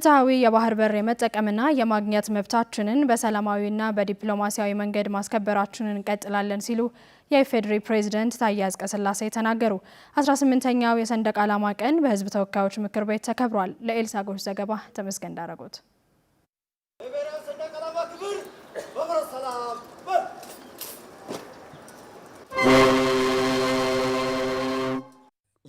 ፍትሐዊ የባህር በር የመጠቀምና የማግኘት መብታችንን በሰላማዊና በዲፕሎማሲያዊ መንገድ ማስከበራችንን እንቀጥላለን ሲሉ የኢፌዴሪ ፕሬዚደንት ታዬ አጽቀሥላሴ ተናገሩ። 18ኛው የሰንደቅ ዓላማ ቀን በሕዝብ ተወካዮች ምክር ቤት ተከብሯል። ለኤልሳ ጎሽ ዘገባ ተመስገን ዳረጎት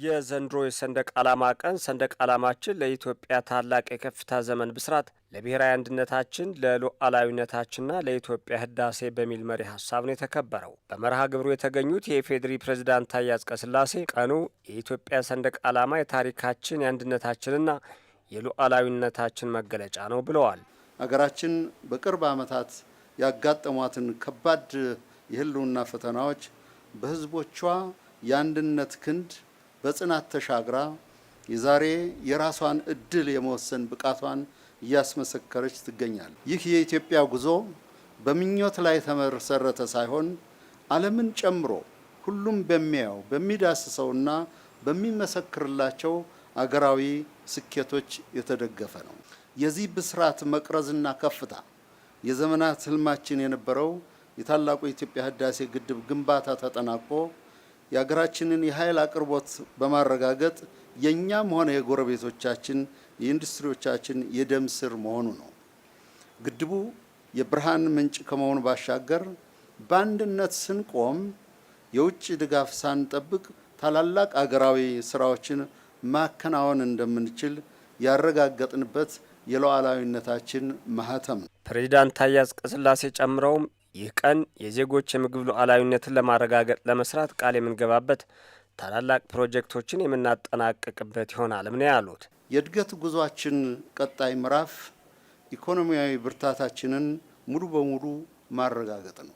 የዘንድሮ የሰንደቅ ዓላማ ቀን ሰንደቅ ዓላማችን ለኢትዮጵያ ታላቅ የከፍታ ዘመን ብስራት፣ ለብሔራዊ አንድነታችን፣ ለሉዓላዊነታችንና ለኢትዮጵያ ህዳሴ በሚል መሪ ሀሳብ ነው የተከበረው። በመርሃ ግብሩ የተገኙት የኢፌዴሪ ፕሬዝዳንት ታዬ አጽቀሥላሴ ቀኑ የኢትዮጵያ ሰንደቅ ዓላማ የታሪካችን የአንድነታችንና የሉዓላዊነታችን መገለጫ ነው ብለዋል። አገራችን በቅርብ ዓመታት ያጋጠሟትን ከባድ የህልውና ፈተናዎች በህዝቦቿ የአንድነት ክንድ በጽናት ተሻግራ የዛሬ የራሷን እድል የመወሰን ብቃቷን እያስመሰከረች ትገኛለች። ይህ የኢትዮጵያ ጉዞ በምኞት ላይ የተመሰረተ ሳይሆን ዓለምን ጨምሮ ሁሉም በሚያየው በሚዳስሰውና በሚመሰክርላቸው አገራዊ ስኬቶች የተደገፈ ነው። የዚህ ብስራት መቅረዝና ከፍታ የዘመናት ህልማችን የነበረው የታላቁ የኢትዮጵያ ህዳሴ ግድብ ግንባታ ተጠናቆ የሀገራችንን የኃይል አቅርቦት በማረጋገጥ የእኛም ሆነ የጎረቤቶቻችን የኢንዱስትሪዎቻችን የደም ስር መሆኑ ነው። ግድቡ የብርሃን ምንጭ ከመሆኑ ባሻገር በአንድነት ስንቆም የውጭ ድጋፍ ሳንጠብቅ ታላላቅ አገራዊ ስራዎችን ማከናወን እንደምንችል ያረጋገጥንበት የሉዓላዊነታችን ማህተም ነው። ፕሬዚዳንት ታዬ አጽቀሥላሴ ጨምረውም ይህ ቀን የዜጎች የምግብ ሉዓላዊነትን ለማረጋገጥ ለመስራት ቃል የምንገባበት ታላላቅ ፕሮጀክቶችን የምናጠናቀቅበት ይሆናል ምን ያሉት። የእድገት ጉዟችን ቀጣይ ምዕራፍ ኢኮኖሚያዊ ብርታታችንን ሙሉ በሙሉ ማረጋገጥ ነው።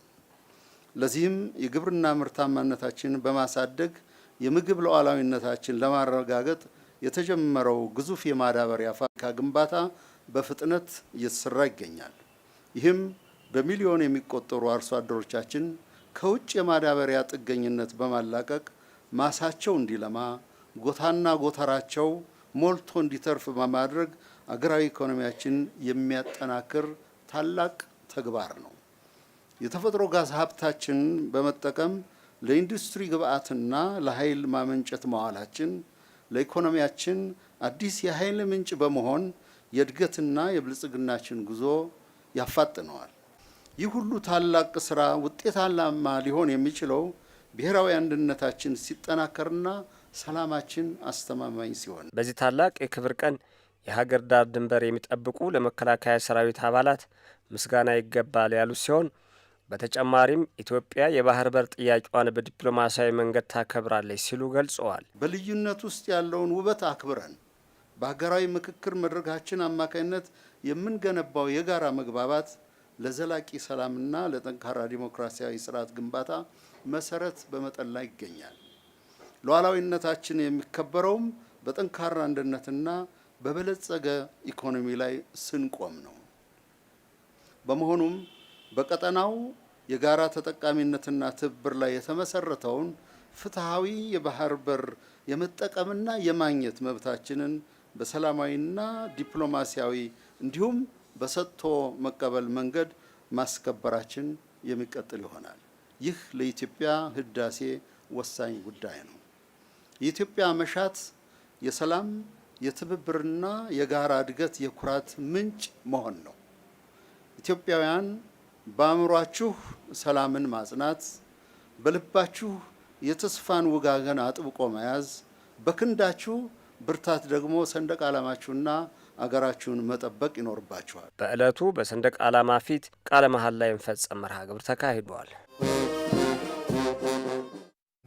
ለዚህም የግብርና ምርታማነታችን በማሳደግ የምግብ ሉዓላዊነታችን ለማረጋገጥ የተጀመረው ግዙፍ የማዳበሪያ ፋብሪካ ግንባታ በፍጥነት እየተሰራ ይገኛል። ይህም በሚሊዮን የሚቆጠሩ አርሶ አደሮቻችን ከውጭ የማዳበሪያ ጥገኝነት በማላቀቅ ማሳቸው እንዲለማ ጎታና ጎተራቸው ሞልቶ እንዲተርፍ በማድረግ አገራዊ ኢኮኖሚያችን የሚያጠናክር ታላቅ ተግባር ነው። የተፈጥሮ ጋዝ ሀብታችን በመጠቀም ለኢንዱስትሪ ግብዓትና ለኃይል ማመንጨት መዋላችን ለኢኮኖሚያችን አዲስ የኃይል ምንጭ በመሆን የእድገትና የብልጽግናችን ጉዞ ያፋጥነዋል። ይህ ሁሉ ታላቅ ስራ ውጤታማ ሊሆን የሚችለው ብሔራዊ አንድነታችን ሲጠናከርና ሰላማችን አስተማማኝ ሲሆን። በዚህ ታላቅ የክብር ቀን የሀገር ዳር ድንበር የሚጠብቁ ለመከላከያ ሰራዊት አባላት ምስጋና ይገባል ያሉት ሲሆን በተጨማሪም ኢትዮጵያ የባህር በር ጥያቄዋን በዲፕሎማሲያዊ መንገድ ታከብራለች ሲሉ ገልጸዋል። በልዩነት ውስጥ ያለውን ውበት አክብረን በሀገራዊ ምክክር መድረካችን አማካኝነት የምንገነባው የጋራ መግባባት ለዘላቂ ሰላምና ለጠንካራ ዲሞክራሲያዊ ስርዓት ግንባታ መሰረት በመጠን ላይ ይገኛል። ሉዓላዊነታችን የሚከበረውም በጠንካራ አንድነትና በበለጸገ ኢኮኖሚ ላይ ስንቆም ነው። በመሆኑም በቀጠናው የጋራ ተጠቃሚነትና ትብብር ላይ የተመሰረተውን ፍትሃዊ የባህር በር የመጠቀምና የማግኘት መብታችንን በሰላማዊና ዲፕሎማሲያዊ እንዲሁም በሰጥቶ መቀበል መንገድ ማስከበራችን የሚቀጥል ይሆናል። ይህ ለኢትዮጵያ ህዳሴ ወሳኝ ጉዳይ ነው። የኢትዮጵያ መሻት የሰላም የትብብርና የጋራ እድገት የኩራት ምንጭ መሆን ነው። ኢትዮጵያውያን በአእምሯችሁ ሰላምን ማጽናት፣ በልባችሁ የተስፋን ውጋገን አጥብቆ መያዝ፣ በክንዳችሁ ብርታት ደግሞ ሰንደቅ ዓላማችሁና አገራችሁን መጠበቅ ይኖርባችኋል። በዕለቱ በሰንደቅ ዓላማ ፊት ቃለ መሀል ላይ የሚፈጸም መርሃ ግብር ተካሂዷል።